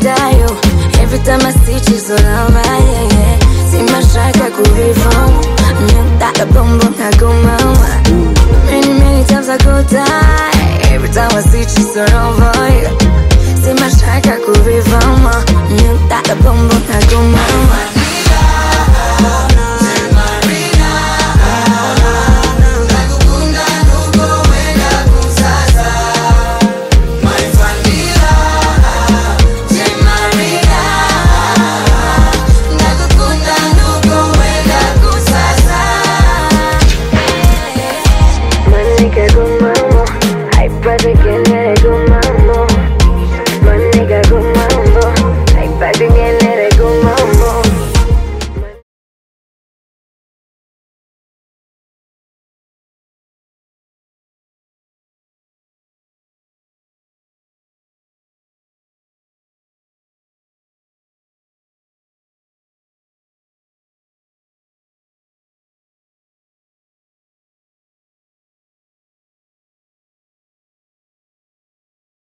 страдаю Every time I see she's all alright, yeah, yeah Си мъжа как i Не тая бомбон на гумам Many, many times I go die Every time I see you, so she's all alright Си i как уривам Не тая бомбон i tu mamá. Ay, parece que eres un